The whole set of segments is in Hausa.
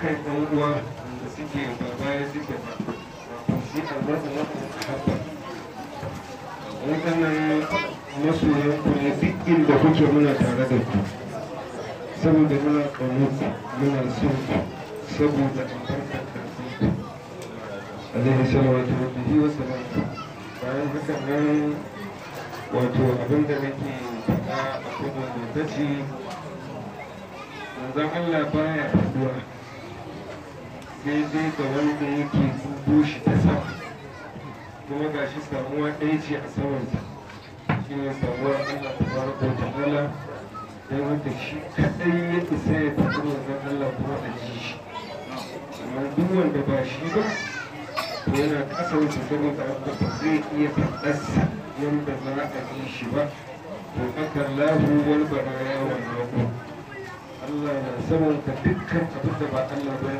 dukkan uwa da suke ba suke ba shi waɗannan masoyan ku ne duk inda kuke muna tare da ku saboda muna ƙaunar muna son ku saboda albarka alaihi wata rabbihi wasu ba. bayan haka nan wato abin da nake faɗa a kowane lokaci manzon Allah baya daidai ga wanda yake dubo shi ta sama kuma ga shi samuwa ɗaya ce a samansa shi ne samuwa Allah ta fara ko ta Allah wanda shi kaɗai ya isa ya tafi wajen Allah kuma a ji shi amma duk wanda ba shi ba to yana ƙasa wata saboda haka ba zai iya faɗarsa yadda za a ji shi ba to ƙasar lahu wal baraya wa Allah na saman ka dukkan abin da ba Allah ba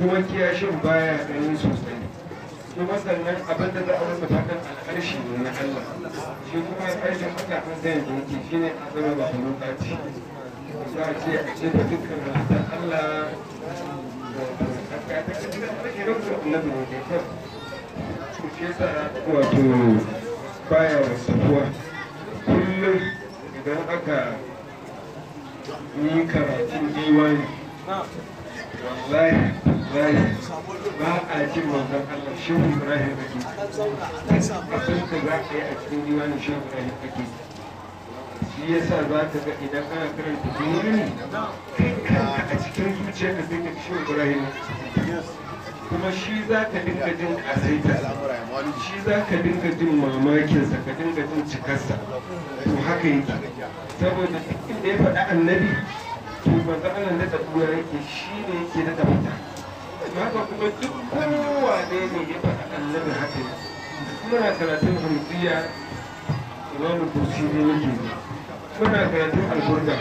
kuma kiyashin baya ganin sosai kuma sannan abin da za a rubuta kan alƙarshi ne na Allah shi kuma alƙarshin maka an zai yanki shi ne a zama ba kuma kaci za a ce a ce ta dukkan halittar Allah wato baya wasafuwa kullum idan aka yi karatun diwani wallahi ba a ji manzon Allah shehu Ibrahim ake abin da za ka yi a cikin diwanin shehu Ibrahim ake shi sa za ta ga idan ana karanta dole kai kanka a cikin zuciya ka dinga shehu Ibrahim kuma shi za ka dinga jin asaita shi za ka dinga jin mamakinsa ka dinga jin cikarsa to haka yake saboda duk inda ya faɗi annabi to manzo Allah na tabuwa yake shi ne yake na tabbata haka kuma duk kowa ne ne ya faɗa annabi haka muna karatun hurziya imamu kursi ne yake muna karatun alburda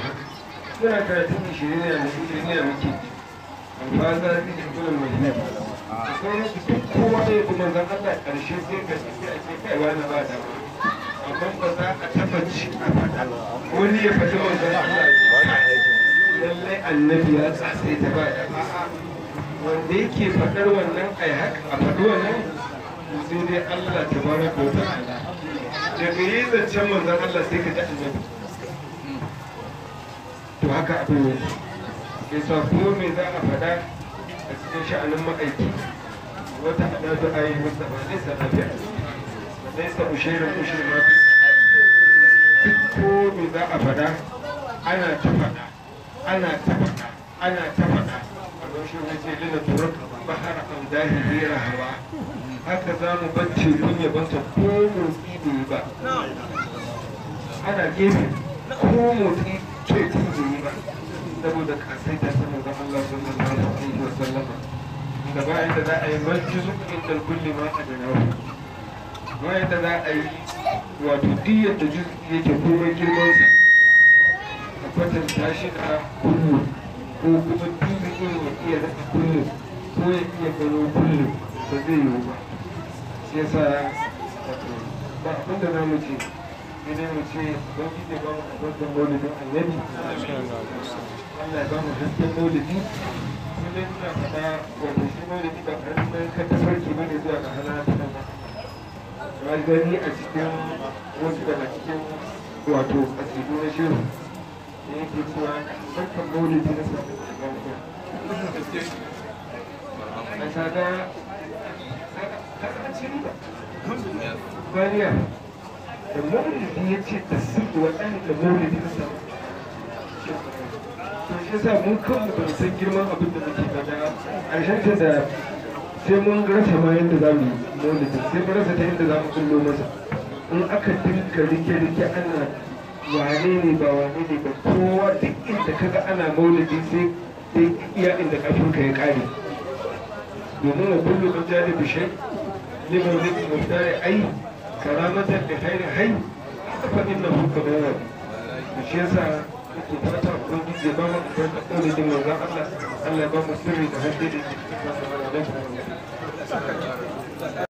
muna karatun ishiriniya da ishiriniya muke amma za su ji kunan mai akwai duk kowa ne kuma zan Allah karshe, sai ka ce a ke kaiwa na ba da amma ba za a taɓa ci a faɗa wani ya faɗi wanzan Allah lallai annabi ya tsatsaye ta ba da a'a wanda yake faɗar wannan a faɗi wannan sai dai Allah ta bari ko ta daga yi zancen manzan Allah sai ka ji annabi to haka abu ne ke sa ko me za a faɗa a cikin sha'anin ma'aiki wata hada da ayi wata ba zai sa lafiya ba zai sa ushirin ushirin ma duk ko me za a faɗa ana ta faɗa ana ta faɗa ana ta faɗa ƙarshen waje lina turar bahar hawa haka za mu bacci kun banta ko motsi da yi ba ana gefe ko motsi ce tun da yi ba saboda kasai ta sanar da Allah sallallahu alaihi wa sallama da bayan da za a yi manci zuƙin dalbulli ma a janawa bayan da za a yi wato diyyar da juzi yake komai girmansa a kwatanta shi a kullum ko kuma duk iya zama kullum ko ya iya gano kullum ba zai yiwu ba shi yasa ba abin da za mu ce sai mu ce don ba mu abin maulidin annabi Allah ba mu hasken maulidi kullum suna faɗa wanda shi maulidi ba karamin kan tafarki ba ne zuwa ga halatu na gani a cikin wasu daga cikin wato asibu na shirin da yake cewa sarkar maulidi na samun shiga da ya ce waɗanda shi mun kanmu san girman abin da muke a shanta sai mun rasa ma yadda za mu yi maulidin sai mun rasa ta yadda za mu kullo masa. In aka dinka rike-rike ana wane ne ba wane ne ba kowa duk inda kaga ana maulidi sai sai iya inda ƙarfinka ya kare domin wa kullu kan jari bishai liman ai da kai hai fa inna hu kabarar da shi yasa fata ba mu da ɗaure da Allah Allah ba mu sirri da